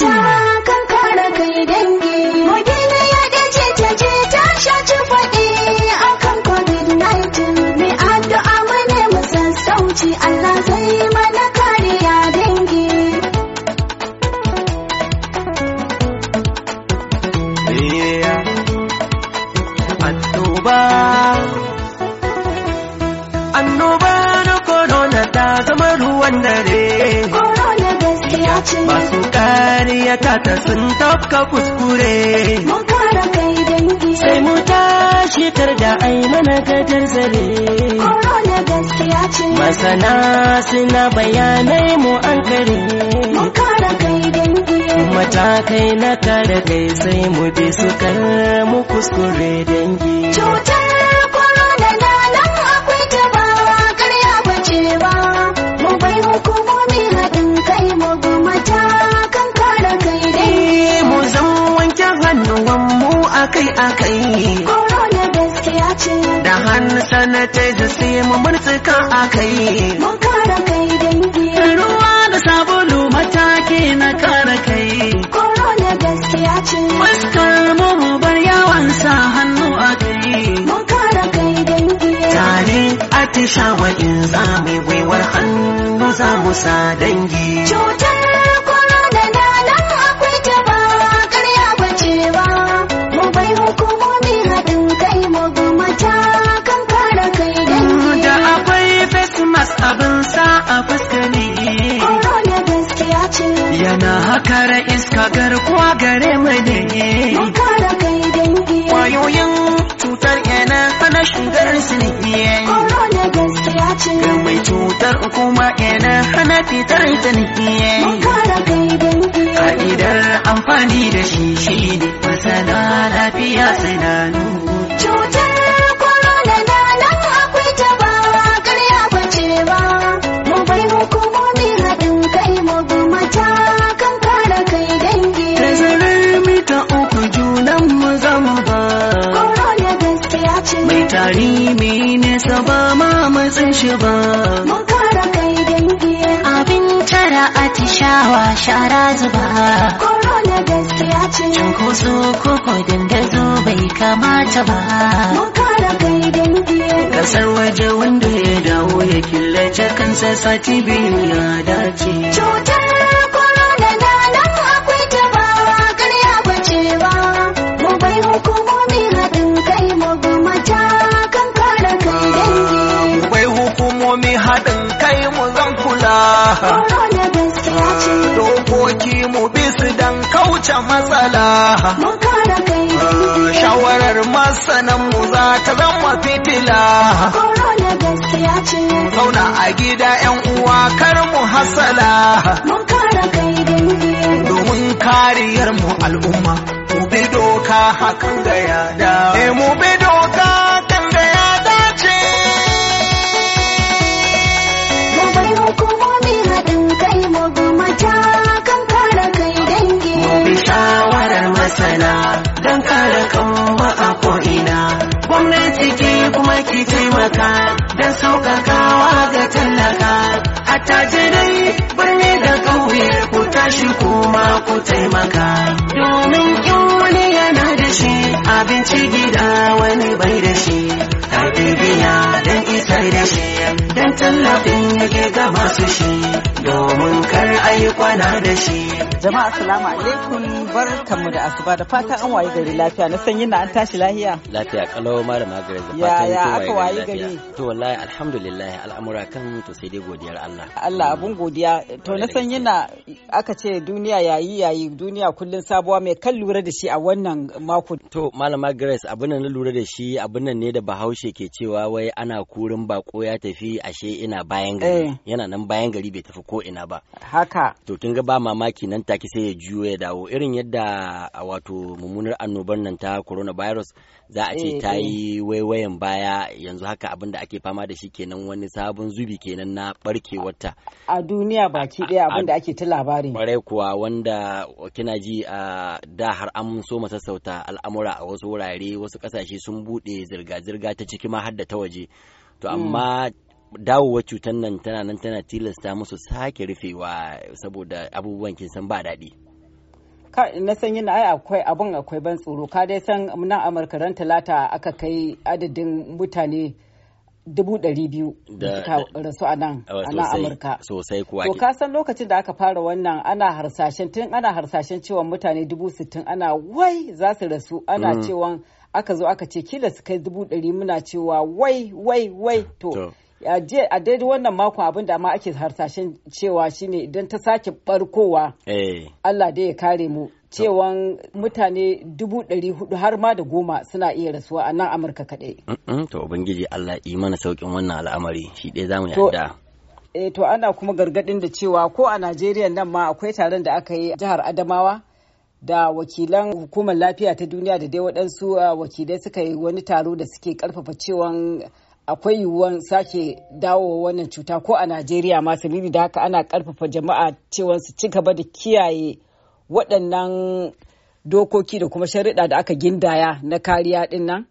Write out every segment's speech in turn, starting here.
down. da sun tafka kuskure sai mu tashi kar da Koro ne gaskiya zare masana suna bayanai mu an kare matakai na kare kai sai mu bi su kar mu kuskure dangi cutar corona akwai bace ba mu bai hukumomi haɗin kai mu gumata akai akai corona gaskiya ce da hannu sanitizer sai mu murtuka akai mun kara kai dangi ruwa da sabulu mataki na kara kai korona gaskiya ce fuskar mu bar yawan sa hannu akai mun kara kai dangi tare a wa in za mu gwiwar hannu za mu sa dangi cutar tabbas abin sa a fuska ne gaskiya ce yana hakara iska garkuwa gare mu ne makara kai dangi wayoyin cutar yana hana shigar su ne corona gaskiya ce mai cutar kuma yana hana fitar ta ne makara kai dangi fa'idar amfani da shi shi ne masana lafiya sai na nuna ni nesa ba ma matsin shi ba mun kara kai dangi abin tara atishawa shara zuba korona gaskiya ce cunkoso koko dandazo bai kamata ba mun kara kai dangi kasar waje wanda ya dawo ya killace kansa sati biyu ya dace cutar dokoki mu bisu don kauce matsala shawarar masanan mu za ta zama fitila zauna a gida yan uwa kar mu hasala domin kariyar mu al'umma mu bi doka hakan ga yada eh, taimaka don sauƙaƙawa ga tallaka attajirai birni da kauye ku tashi kuma ku taimaka domin in wani yana da shi abinci gida wani bai da shi ke biya don isar da shi don tallafin yake ga masu shi domin kar ayi da shi. Jama'a salamu alaikum bar kamu da asuba da fatan an waye gari lafiya na sanyi na an tashi lafiya. Lafiya kalau ma da magare da fatan ya aka waye gari. To wallahi alhamdulillah al'amura kan to sai dai godiyar Allah. Allah abun godiya to na sanyi na aka ce duniya yayi yayi duniya kullun sabuwa mai kan lura da shi a wannan mako. To malama Grace abin nan na lura da shi abin nan ne da Bahaushe ke cewa wai ana kurin bako ya tafi ashe ina bayan gari eh. yana nan bayan gari bai tafi ko ina ba haka to kin ga ba mamaki nan take sai ya juyo ya dawo irin yadda wato mummunar annobar nan ta coronavirus za a ce eh, ta eh. yi waiwayen baya yanzu haka abin da ake fama da shi kenan wani sabon zubi kenan na ta a duniya baki daya abin da ake ta labarin. kwarai kuwa wanda kina ji a da har an so sassauta al'amura a wasu wurare wasu kasashe sun bude zirga-zirga ta cikin ma har da ta waje to hmm. amma dawowar cutar nan tana nan tana tilasta musu sake rufewa saboda abubuwan kin san ba daɗi na san yin ai akwai abun akwai ban tsoro ka dai san nan amurka ran talata aka kai adadin mutane dubu ɗari biyu da suka rasu a nan a nan amurka sosai kuwa to ka san lokacin da aka fara wannan ana harsashen tun ana harsashen cewa mutane dubu sittin ana wai za su rasu ana hmm. cewa aka zo aka ce kila su kai dubu ɗari muna cewa wai wai wai to a daidai wannan makon abin da ma ake harsashen cewa shine idan ta sake barkowa eh. Allah dai ya kare mu cewan mutane dubu ɗari hudu har ma da goma suna iya rasuwa a nan amurka kaɗai. to ubangiji Allah yi mana saukin wannan al'amari shi ɗaya zamu yarda e, to ana kuma gargaɗin da cewa ko a najeriya nan ma akwai taron da aka yi jihar adamawa da wakilan hukumar lafiya ta duniya da dai waɗansu uh, wakilai suka yi wani taro da suke karfafa cewan akwai yiwuwan sake dawo wannan cuta ko a najeriya ma sabili da haka ana karfafa jama'a cewa su ci gaba da kiyaye waɗannan dokoki da kuma shari'a da aka gindaya na kariya ɗin nan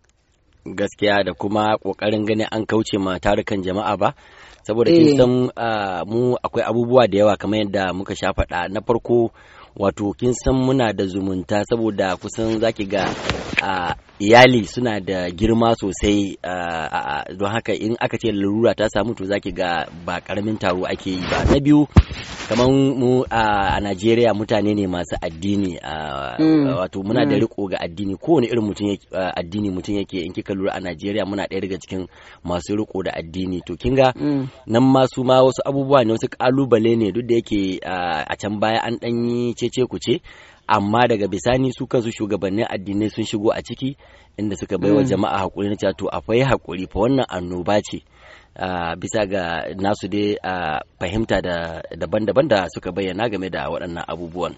gaskiya da kuma ƙoƙarin ganin an kauce ma tarukan jama'a ba saboda kin eh. san uh, mu akwai abubuwa da yawa kamar yadda muka sha faɗa na farko wato kin san muna da zumunta saboda kusan zaki ga a iyali suna da girma sosai don haka in aka ce larura ta samu to zaki ga ba karamin taro ake yi ba na biyu kamar mu a najeriya mutane ne masu addini mm. wato muna da mm. riko ga addini kowane irin mutum addini mutum yake in kika lura a najeriya muna ɗaya daga cikin masu riko da addini to kinga mm. nan ma su ma wasu abubuwa ne wasu kalubale ne duk da yake a can baya an ɗanyi cece kuce amma daga bisani su kansu shugabannin addinai sun shigo a ciki inda suka bai wa mm. jama'a hakuri na cewa to akwai hakuri fa wannan annoba ce bisa ga nasu dai fahimta fahimta daban-daban da suka bayyana game da waɗannan abubuwan.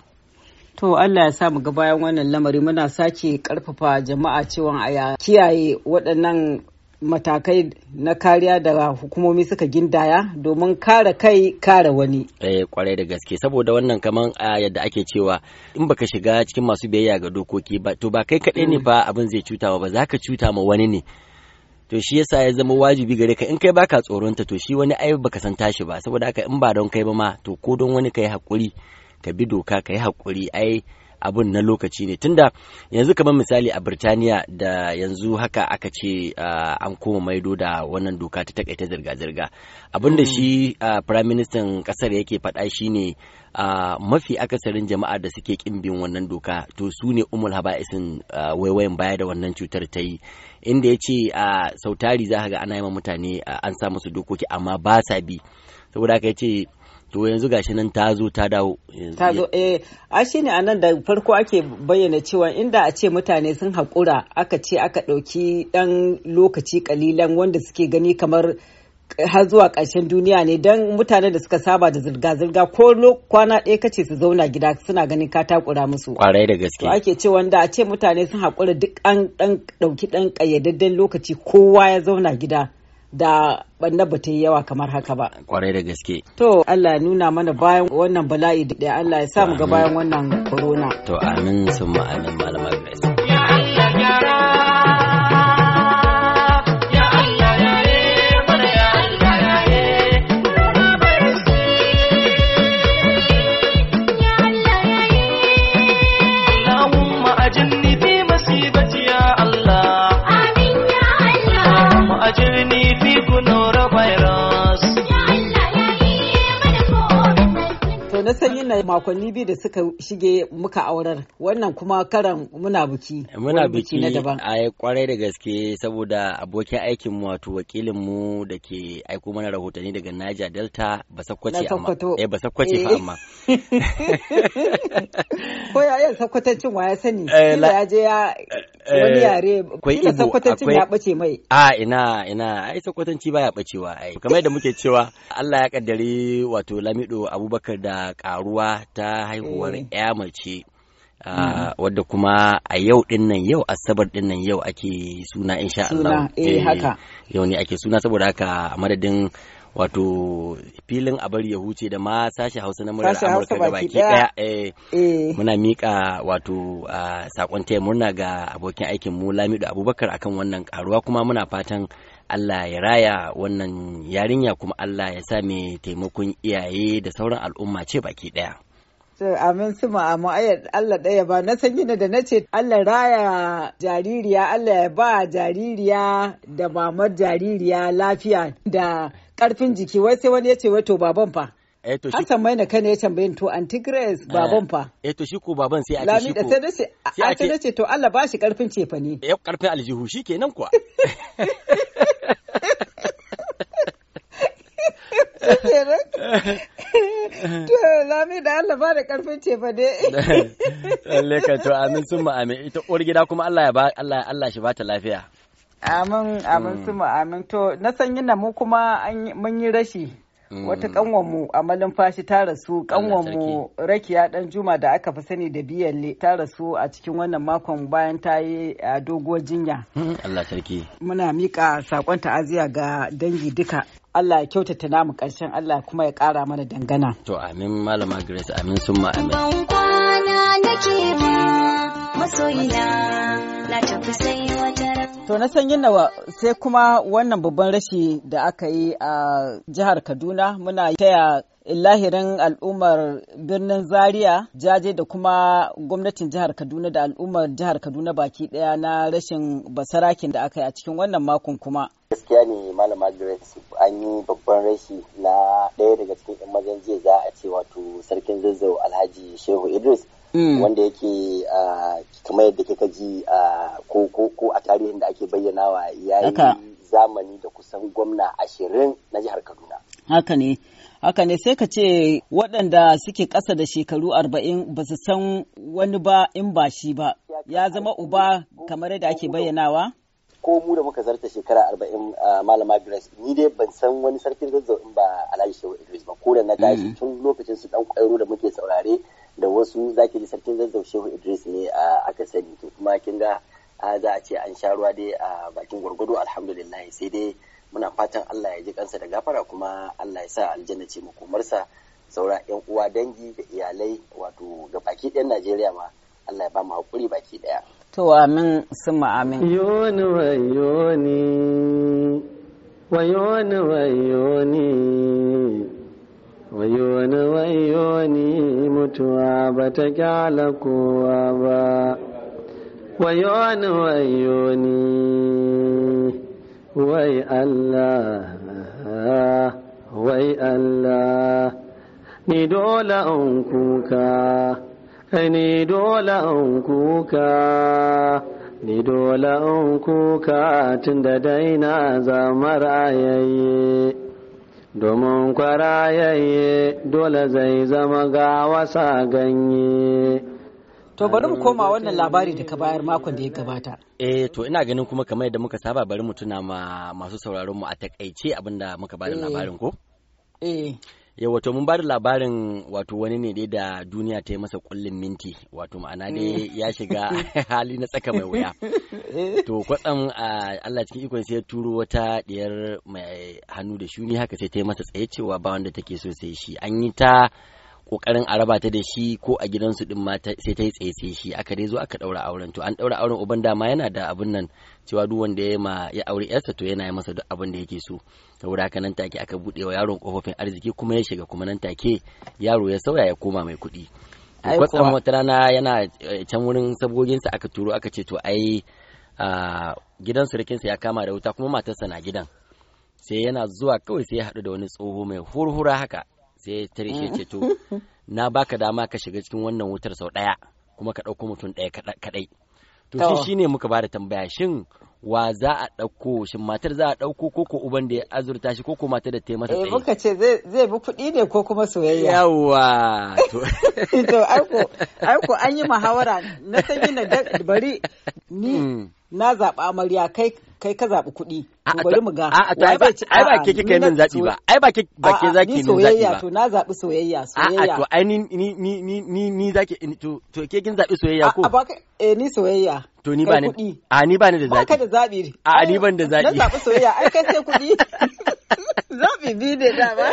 To Allah ya sa mu ga bayan wannan lamari muna sake karfafa jama'a cewa a kiyaye waɗannan matakai na kariya da hukumomi suka gindaya domin kare kai kare wani. Eh kwarai da gaske saboda wannan kamar a yadda ake cewa in baka shiga cikin masu biyayya ga dokoki ba to ba kai kaɗai ne mm. ba abin zai cuta ba za ka cuta ma wani ne. To shi yasa ya zama wajibi gare ka in kai baka tsoron ta to shi wani ai baka san tashi ba saboda haka in ba don kai ba ma to ko don wani kai hakuri ka bi doka kai hakuri ai abun na lokaci ne tunda yanzu kamar misali a Birtaniya da yanzu haka aka ce an koma maido da wannan doka ta takaita zirga-zirga abin da mm. shi prime minister kasar yake faɗa shine Uh, mafi akasarin jama'a da suke kin bin wannan doka to su ne umul haba'isin uh, waiwayin baya da wannan cutar ta yi inda ya ce uh, sautari za ga ana yi mutane an sa musu dokoki amma ba sa bi saboda haka ya ce to yanzu gashi nan ta zo ta dawo ta zo eh a shi ne anan da farko ake bayyana cewa inda a ce mutane sun haƙura aka ce aka ɗauki ɗan lokaci kalilan wanda suke gani kamar har zuwa karshen duniya ne don mutane da suka saba da zirga-zirga ko kwana ɗaya kace su zauna gida suna ganin ka takura musu. Kwarai da gaske. ake ce wanda a ce mutane sun haƙura duk an ɗan ɗauki ɗan ƙayyadadden lokaci kowa ya zauna gida. da banna ba ta yi yawa kamar haka ba. Kwarai da gaske. To Allah nuna mana bayan wannan bala'i da Allah ya samu ga bayan wannan corona. To amin sun ma'amin malamar makonni biyu da suka shige muka aurar wannan kuma karan muna biki muna biki na daban a kwarai da gaske saboda abokin aikin mu wato wakilin mu da ke aiko mana rahotanni daga Niger Delta Basakwace amma eh Basakwace fa eh. amma ko ya yan sakwatancin wa ya sani eh, ya je ya eh, wani yare kila sakwatancin ya bace mai a ina ina ai sakwatanci baya bacewa ai kamar yadda muke cewa Allah ya kaddare wato Lamido Abubakar da karuwa ta haihuwar ya eh. mace mm-hmm. wadda kuma a yau din nan yau asabar din nan yau ake suna insha Allah eh, eh, yau ne ake suna saboda haka a madadin wato filin abar ya huce da ma sashi hausa na murar amurka da baki daya muna mika wato sakon taya murna ga abokin aikin mu lamido abubakar akan wannan karuwa kuma muna fatan Allah ya raya wannan yarinya kuma Allah ya sa mai taimakon iyaye da sauran al'umma ce baki ɗaya. amin su ma'amu ayar Allah ɗaya ba na san da na ce Allah raya jaririya Allah ya ba jaririya da mamar jaririya lafiya da ƙarfin jiki wai sai wani ya ce wato baban fa Eh, Hassan mai shi Hassan Maina kane ya tambaye to anti Grace eh, baban fa eh to shi ko baban sai a ce shi ko Lami da sai dace a ce dace to Allah ba shi karfin cefa ne eh karfin aljihu shikenan kuwa To lami da Allah ba da karfin cefa ne. Lalle ka to amin sun amin ita uwar gida kuma Allah ya ba Allah Allah shi ba ta lafiya. Amin amin mm. sun amin to na san yin mu kuma mun yi rashi. Mm. wata mu a malumfashi ta rasu kanwanmu rakiya dan juma da aka fi sani da biyalle ta rasu a cikin wannan makon bayan ta yi a doguwar jinya hmm, Allah sarki muna mika sakon ta'aziya ga dangi duka Allah ya kyautata namu karshen Allah kuma ya kara mana dangana to amin malama grace amin summa amin masoyina To na san yin nawa sai kuma wannan babban rashi da aka yi a jihar Kaduna muna taya lahirin al'ummar birnin Zaria jaje da kuma gwamnatin jihar Kaduna da al'ummar jihar Kaduna baki daya na rashin basarakin da aka yi a cikin wannan makon kuma. gaskiya ne malama grace an yi babban rashi na daya daga cikin 'yan mazan jiya za a ce wato sarkin zazzau alhaji shehu idris Mm. wanda yake kamar yadda kika ji ko a tarihin da ake bayyanawa ya yi zamani da kusan gwamna ashirin na jihar kaduna haka ne haka ne sai ka ce waɗanda suke ƙasa da shekaru arba'in ba su san wani ba in ba shi ba ya zama uba kamar yadda ake bayyanawa ko mu da muka zarta shekara arba'in malama grace ni dai ban san wani sarkin zazzau in ba alhaji shehu idris ba ko da na gashi mm. tun lokacin su dan kwairo da muke saurare da wasu zaki ji sarkin zazzau shehu idris ne a aka sani to kuma kin ga za a ce an sha ruwa dai a bakin gwargwado alhamdulillah sai dai muna fatan allah ya ji kansa da gafara kuma allah ya sa aljanna ce makomarsa saura yan uwa dangi da iyalai wato ga baki ɗayan najeriya ma allah ya ba mu haƙuri baki ɗaya. to amin sun amin. yoni wayoni wayoni wayoni wayoni wayoni mutuwa ba ta kyala kowa ba wayoni wayoni wai Allah wai Allah ni dole an kuka ni dole an kuka ni dole an kuka tun da daina zamar ayaye domin kwara kwarayayye dole zai zama ga wasa ganye. To bari mu koma wannan labari da ka bayar makon da ya gabata. Eh to ina ganin kuma kamar yadda muka saba bari mu tuna ma masu sauraron mu a takaice abinda muka bada eh. labarin ko? Eh. yau wato mun ba da labarin wato wani ne dai da duniya ta yi masa kullin minti wato ma'ana dai mm. ya shiga hali na tsaka mai wuya eh. to kwatsam a Allah cikin ikon sai ya turo wata diyar mai hannu da shuni haka sai ta yi masa tsaye cewa ba wanda take so sai shi an yi ta kokarin a raba ta da shi ko a gidansu din ma sai ta yi tsaitse shi aka dai zo aka ɗaura auren to an daura auren uban dama yana da abin nan cewa duk wanda ya ma ya aure yarsa to yana yi masa duk abin da yake so saboda haka nan take aka bude wa yaron kofofin arziki kuma ya shiga kuma nan take yaro ya sauya ya koma mai kuɗi kwatsam wata rana yana eh, can wurin sa aka turo aka ce to ai ah, gidan surukinsa ya kama da wuta kuma matarsa na gidan sai yana zuwa kawai sai ya haɗu da wani tsoho mai hurhura haka sai ta shi ce to na baka dama ka shiga cikin wannan wutar sau ɗaya kuma ka ɗauko mutum ɗaya kaɗai to shi shine muka bada tambaya shin wa za a ɗauko shi matar za a ɗauko ko ko uban da ya azurta shi ko ko matar da ta yi masa tsaye. Eh, muka ce zai bi kuɗi ne ko kuma soyayya. Yawwa. To aiko an yi muhawara na sanyi na bari ni hmm. na zaɓa amarya kai kai ka zaɓi kuɗi. Bari mu ga. A'a to ai ba ke kika nan zaɓi ba. Ai ba ke ba ke zaki nan zaɓi ba. to na zaɓi soyayya soyayya. A'a to ai ni ni ni ni ni zaki to to ke kin zaɓi soyayya ko? A ba eh ni soyayya. To ni ba ni a ni ba ni da zaɓi. Ba da zaɓi. A ni ban da zaɓi. Na zaɓi soyayya ai kai sai kuɗi. Zaɓi bi ne dama.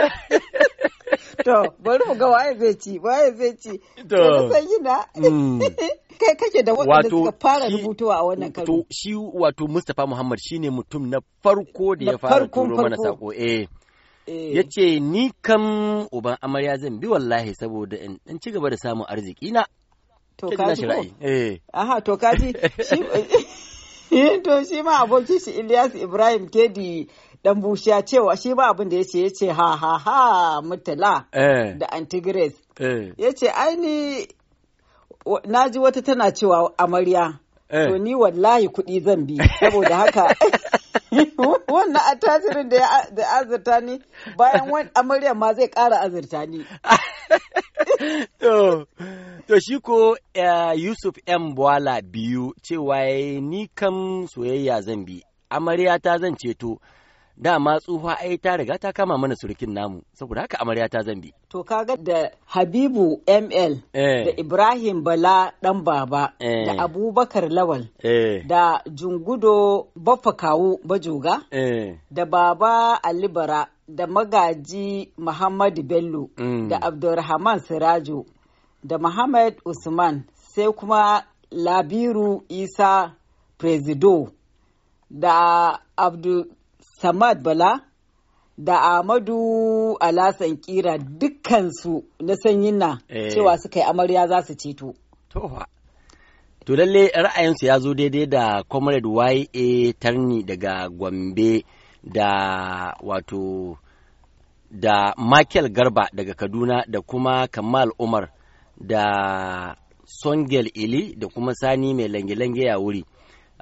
To bari mu ga waye zai ci waye zai ci. To. Sai na. Hmm. Kai kake da waɗanda suka fara rubutuwa a wannan karo. To shi wato Mustapha Muhammad shine mutum na farko da ya fara turo mana sako eh. eh. ya ce ni kam uban amarya zan bi wallahi saboda in ci gaba da samun arziki na to kaji eh. aha to kaji shi to shi ma abokin shi Ilyas Ibrahim Kedi dan bushiya cewa shi ba abin da ya ce ya ha ha ha mutala eh. da antigres eh. ya ce aini na ji wata tana cewa amarya to ni wallahi kuɗi zan bi saboda haka wannan attajirin da ya azurta ni bayan wani amarya ma zai ƙara azurta ni. To shi ko eh, Yusuf M. Bwala biyu cewa ni kam soyayya zan bi, amarya ta zan ceto. dama tsufa ai ta riga ta kama mana surukin namu saboda haka amarya ta zambi to kaga da habibu ml eh. da ibrahim bala dan baba eh. da abubakar lawal eh. da jungudo baffa bajoga da baba Ali alibara da magaji muhammadu bello mm. da abdulrahman sirajo da muhammad usman sai kuma labiru isa presido da abdu samad bala da Amadu Alasan Kira dukkansu na sanyin na eh. cewa suka yi amarya za su ceto. To lalle ra'ayinsu ya zo daidai da Comrade YA Tarni daga Gombe da wato da Michael Garba daga Kaduna da kuma Kamal Umar da Songel Ili da kuma Sani mai lange-lange ya wuri.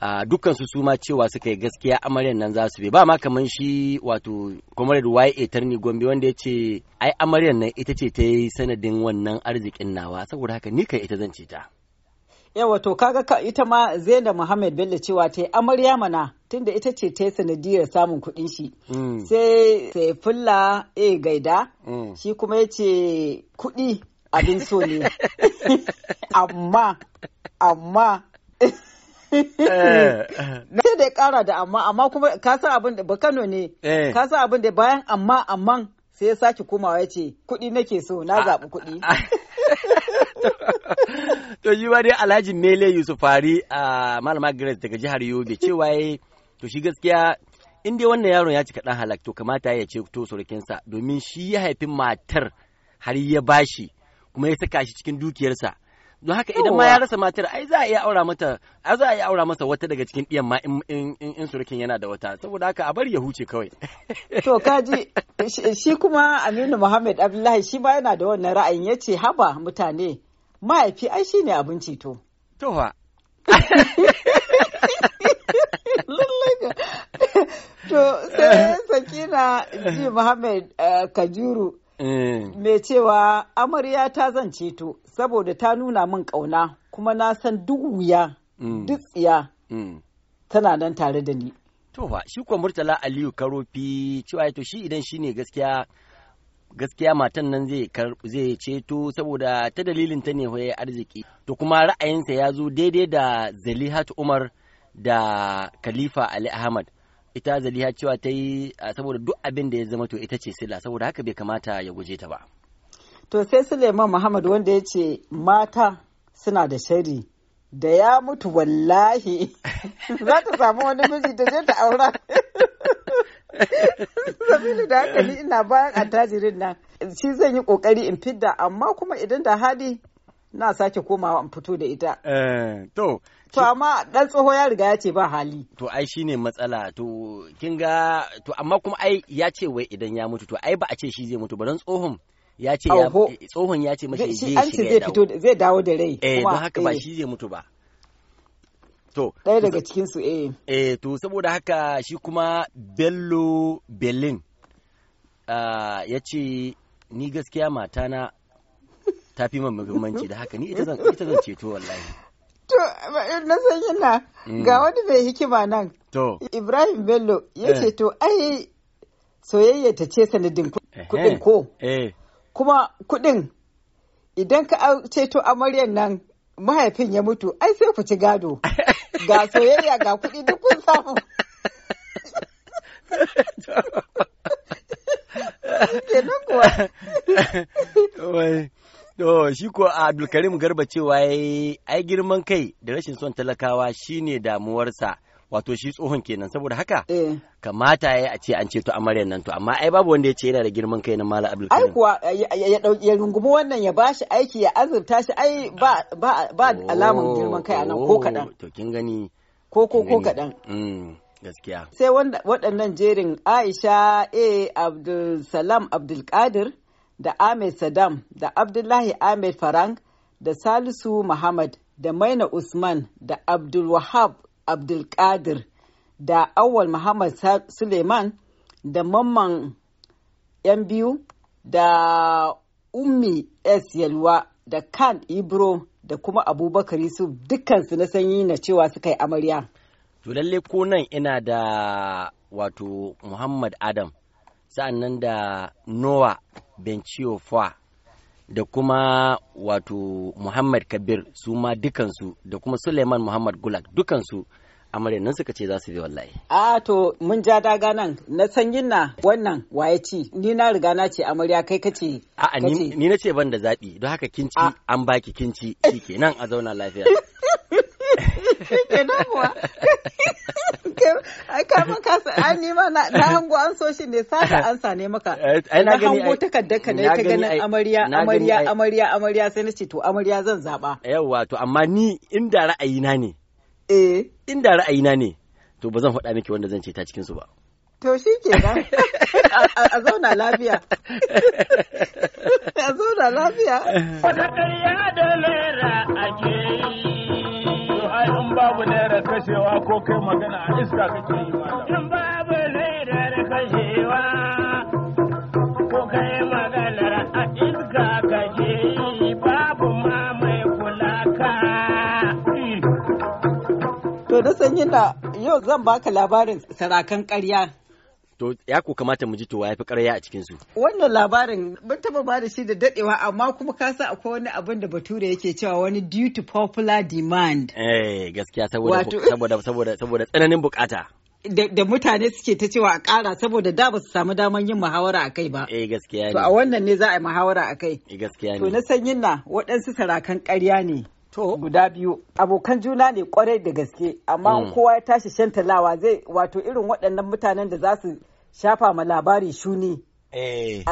Dukkansu dukkan su suma cewa suka yi gaskiya amaryan nan za su bi ba ma kaman shi wato comrade YA Tarni Gombe wanda ya ce ai amaryan nan ita ce ta yi sanadin wannan arzikin nawa saboda haka ni kai ita zan ce ta yawa to kaga ka ita ma Zainab Muhammad Bello cewa ta yi amarya mana tunda ita ce ta yi sanadiyar samun kuɗin shi mm. sai sai fulla e gaida mm. shi kuma ya ce kuɗi abin so ne amma amma Eh, eh. sai da ya kara da amma amma kuma ka san abin da bakano ne eh. ka san abin da bayan amma amma sai ya sake komawa ya ce kuɗi nake so na ah, zaɓi kuɗi ah, ah. to shi ba dai alhaji mele yusuf fari a malama grace daga jihar yobe cewa ya to shi gaskiya in dai wannan yaron ya cika kaɗan halak to kamata ya ce to surukinsa domin shi ya haifi matar har ya bashi kuma ya saka shi cikin dukiyarsa don haka idan ma ya rasa matar ai za a iya aura mata a za a iya aura masa wata daga cikin ɗiyan ma in in surukin yana da wata saboda haka a bari ya huce kawai to kaji shi kuma Aminu Muhammad Abdullahi shi ma yana da wannan ra'ayin yace haba mutane mahaifi ai shine abinci to to fa to sai Sakina Ji Muhammad eh, Kajuru Mm. mai cewa amarya ta zance to saboda ta nuna min ƙauna kuma na san duk wuya mm. duk tsiya mm. tana nan tare da ni. To fa shi kuwa Murtala Aliyu Karofi cewa to shi idan shi ne gaskiya gaskiya matan nan zai zai ceto saboda ta dalilin ta ne waye arziki to kuma ra'ayinsa ya zo daidai da Zalihat Umar da Khalifa Ali Ahmad ita zaliha cewa ta yi saboda duk abin da ya zama to ita ce sila saboda haka bai kamata ya guje ta ba to sai suleiman muhammad wanda ya ce mata suna da shari da ya mutu wallahi za ta samu wani miji da je ta aura sabili da haka ni ina bayan attajirin nan shi zan yi kokari in fidda amma kuma idan da hali na sake komawa in fito da ita. Eh, to. To amma dan tsoho ya riga ya ce ba hali. To ai shine matsala to kin ga to amma kuma ai ya ce wai idan ya mutu to ai ba a ce shi zai mutu ba dan tsohon ya ce ya tsohon ya ce mashi zai ce zai fito zai dawo da rai. Eh don haka ba eh. shi zai mutu ba. To. Ɗaya daga cikin su eh. Eh to saboda haka shi kuma Bello Berlin ah, ya ce ni gaskiya matana ta fi man muhimmanci da haka ni ita zan ceto wallahi to na san yana mm. ga wani mai hikima nan to Ibrahim Bello ya eh. ce to ai soyayya ta ce sanadin kuɗin ko eh. kuma kuɗin idan ka ceto amaryan nan mahaifin ya mutu ai sai ku ci gado ga soyayya ga kuɗi duk kun samu kenan kuwa To shi ko Abdulkarim Garba cewa yi ai girman kai da rashin son talakawa shine damuwarsa wato shi tsohon kenan saboda haka eh. kamata ya a ce an ceto amaryar nan to amma ai babu wanda ya ce yana da girman kai na Malam Abdulkarim. Ai kuwa ya dauki ya rungumi wannan ya bashi aiki ya azurta shi ai ba ba ba alamun girman kai a nan ko kadan. Oh, to kin gani ko ko ko kadan. Mm, gaskiya. Sai waɗannan jerin Aisha A Abdulsalam Abdulkadir. da Ahmed Saddam da Abdullahi Ahmed Farang da Salisu Muhammad da Maina Usman da Abdulwahab Abdulkadir da Awal Muhammad Suleiman da Mamman ‘yan biyu da Ummi S. Yalwa da Khan Ibro da kuma Abubakar Yusuf dukkansu na sanyi na cewa suka yi amarya. To lalle ko nan ina da wato Muhammad Adam sa'an nan da Noah Benchio fa da kuma wato muhammad kabir su ma dukansu da kuma suleiman muhammad gulak dukansu amarya nan suka ce za su bi wallahi. A to mun ja daga nan na sanyin na wannan waye ci ni na riga na ce amarya kai ka ce. A'a ni na ce ban da zaɓi don haka kinci an baki kinci kenan a zauna lafiya. Shi ke nan kuwa. Ai kama kasa ai ni ma na hango an so shi ne sata ansa ne maka. Eh, ai na gani hango takardar ka ne ta ganin amarya amarya amarya amarya sai na ce to amarya zan zaba. Yawwa to amma ni inda ra'ayina ne. Eh. Inda ra'ayina ne to ba zan faɗa miki wanda zan ce ta cikin su ba. To shi ke a zauna lafiya. A zauna lafiya. Wata ƙarya da lera ake yi. babu naira kashewa ko kai magana a iska kake yi babu naira kashewa ko kai magana a iska kake yi babu ma mai kula ka. To da sanyin na yau zan baka labarin sarakan ƙarya. To ya ko kamata mu ji to yafi fi ƙarya a cikin su. Wannan labarin ban taba ba da shi da dadewa amma kuma ka sa akwai wani abin da Bature yake cewa wani due to popular demand. Eh gaskiya saboda saboda saboda saboda tsananin bukata. da mutane suke ta cewa a ƙara saboda da ba su samu daman yin muhawara a kai ba. Eh gaskiya ne. To a wannan ne za a yi muhawara a kai. Eh gaskiya ne. To na sanyin na waɗansu sarakan ƙarya ne. guda biyu abokan juna ne kwarai da gaske amma mm. kowa ya tashi shantalawa zai wato irin waɗannan mutanen da za su shafa ma labari shuni eh.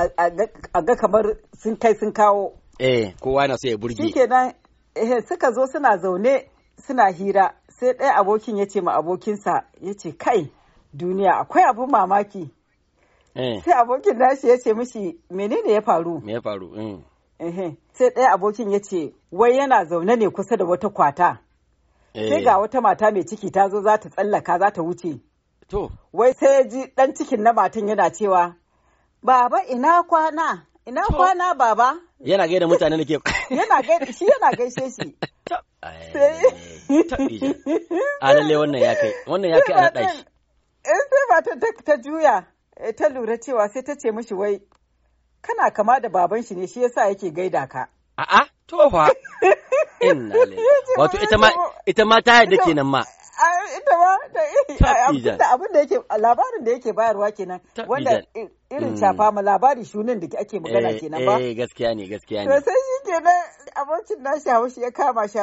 a ga kamar sun kai sun kawo eh kowa na so ya burge shikenan eh, suka zo suna zaune suna hira sai ɗaya abokin ya ce ma abokinsa ya ce kai duniya akwai abin mamaki eh. sai abokin nashi ya ce mishi menene ya faru me ya faru mm. sai ɗaya abokin ya ce wai yana zaune ne kusa da wata kwata eh. sai ga wata mata mai ciki ta zo za ta tsallaka za ta wuce wai sai ya ji ɗan cikin na matan yana cewa baba ina kwana ina kwana baba yana gaida mutane da ke yana gaida shi yana gaishe shi eh, a lalle wannan ya kai wannan ya kai a naɗa in eh, sai mata ta juya ta lura cewa sai ta ce mishi wai kana kama da baban shi ne shi yasa yake gaida ka a'a to fa wato ita ma ita ma ta yadda kenan ma ita ma eh, da abin da yake labarin da yake bayarwa kenan wanda irin mm. shafa ma labari shunin da ake magana eh, kenan ba eh gaskiya ne gaskiya ne sai shi kenan abokin nashi haushi ya kama shi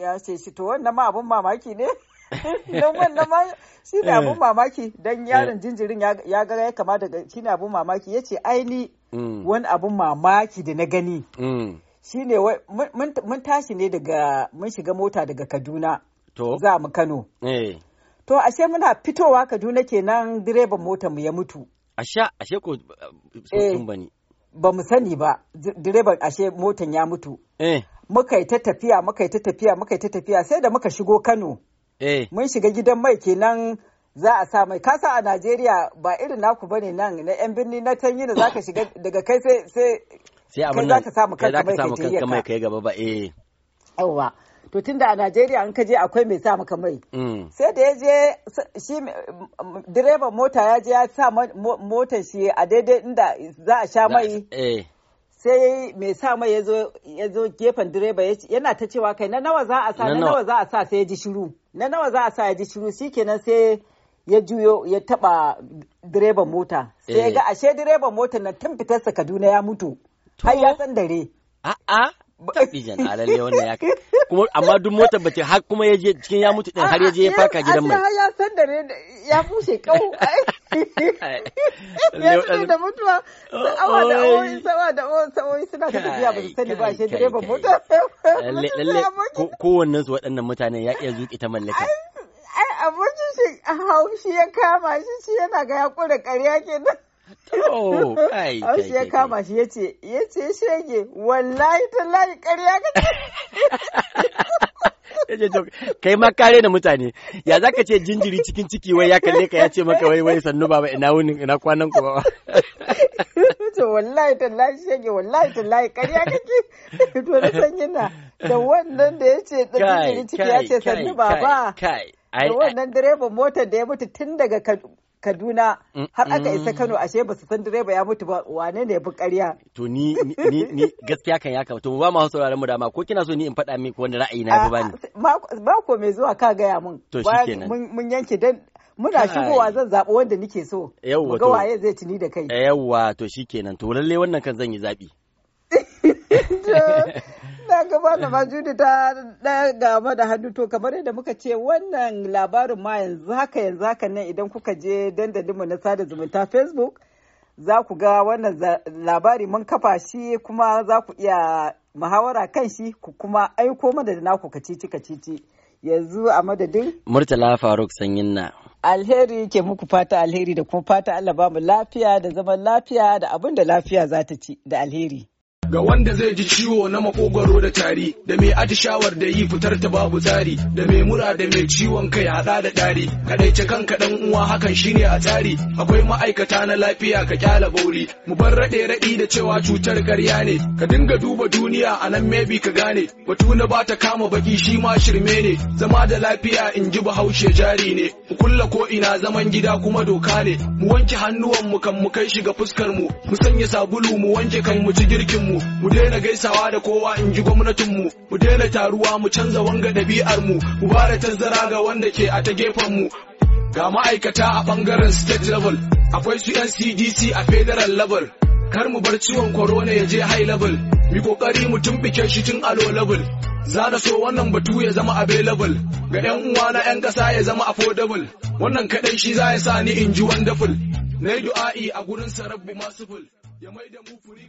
ya ce shi to wannan ma abin mamaki ne don wannan ma shi ne abin eh. mamaki don yaron jinjirin ya ga ya kama daga shi ne abin mamaki ya ce aini Mm. wani abin mamaki da na gani mm. shine mun tashi ne daga mun shiga mota daga kaduna za mu kano eh. to ashe muna fitowa kaduna kenan direban mota mu ya mutu ashe ashe ko eh, eh, sun bani. ba mu sani ba direban ashe motan ya mutu muka yi ta tafiya muka yi ta tafiya muka yi ta tafiya sai da muka shigo kano mun shiga gidan mai kenan za a sa mai kasa a najeriya ba irin naku bane nan na yan birni na tanyi da zaka shiga daga kai sai sai sai abin nan kai mu kanka mai kai gaba ba eh yawa to tunda a najeriya an ka je akwai mai sa maka mai mm. sai da ya je shi direban mota ya je ya sa motar shi a daidai inda za a sha mai eh. sai mai sa mai ya zo gefen direba yana ta cewa kai na nawa za a sa na nawa za a sa sai ya ji shiru na nawa za a sa ya ji shiru shikenan sai ya juyo ya taba direban mota sai eh. ga ashe direban mota na tun fitarsa Kaduna ya mutu har ya san dare a'a tabijan alalle wannan ya kuma amma duk mota bace har kuma ya je cikin ya mutu din har ya je ya farka gidan mai ya san dare ya fushe kawo ya tsaye da mutuwa awa da awoyi sawa da awoyi suna ta tafiya ba su sani ba shi direban mota lalle kowannen su waɗannan mutane ya iya zuƙi ta mallaka abokin shi haushi ya kama shi shi yana ga ya kura ƙarya nan. Haushi ya kama shi ya ce, ya ce shege, wallahi layi ƙarya ka Kai ma kare da mutane, ya za ka ce jinjiri cikin ciki wai ya kalle ka ya ce maka wai wai sannu baba ina wuni ina kwanan ku baba. To wallahi tallahi shege wallahi tallahi ƙarya kake. To na san yana da wannan da ya ce da jinjiri ciki ya ce sannu baba. Kai, kai, da wannan direban motar da ya mutu tun daga Kaduna mm, har aka mm. isa Kano ashe ba su san direba ya mutu ba wane ne bi ƙarya. To ni ni gaskiya kan ya kama to ba mu sauraron mu dama ko kina so ni in faɗa miki wani ra'ayi na ba ni. Ba ko mai zuwa ka gaya mun. To shikenan. Mun yanke dan muna shigowa zan zaɓi wanda nike so. Yawwa to. Ga waye zai tuni da kai. Yawwa to shikenan to lalle wannan kan zan yi zaɓi. na ga malama Judi ta daga da hannu to kamar yadda muka ce wannan labarin ma yanzu haka yanzu haka nan idan kuka je mu na sada zumunta Facebook za ku ga wannan labari mun kafa shi kuma za ku iya muhawara kan shi ku kuma aiko mana da naku kacici kacici yanzu a madadin Murtala Faruk Sanyin na. Alheri ke muku fata alheri da kuma fata Allah ba mu lafiya da zaman lafiya da abin da lafiya za ta ci da alheri. ga wanda zai ji ciwo na makogwaro da tari da mai atishawar da yi fitar ta babu tsari da mai mura da mai ciwon kai hada da dari kadaice kanka dan uwa hakan shine a tsari akwai ma'aikata na lafiya ka kyala bauri. mu bar rade radi da cewa cutar karya ne ka dinga duba duniya a nan maybe ka gane batu na ba ta kama baki shi ma shirme ne zama da lafiya in ji bahaushe jari ne mu kulla ko ina zaman gida kuma doka ne mu wanke hannuwan mu kan mu kai shiga ga fuskar mu mu sanya sabulu mu wanke kan mu ci girkin mu mu daina gaisawa da kowa in ji gwamnatinmu mu daina taruwa mu canza wanga ɗabi'armu mu ba da tazara ga wanda ke a ta gefenmu ga ma'aikata a ɓangaren state level akwai su yan cdc a federal level kar mu bar ciwon corona ya je high level mu kokari mu tumbike shi tun a low level za na so wannan batu ya zama available ga yan uwa na yan kasa ya zama affordable wannan kaɗai shi za ya sa ni in ji wonderful na yi du'a'i a gurin sarabbu masu ya mai da mu furi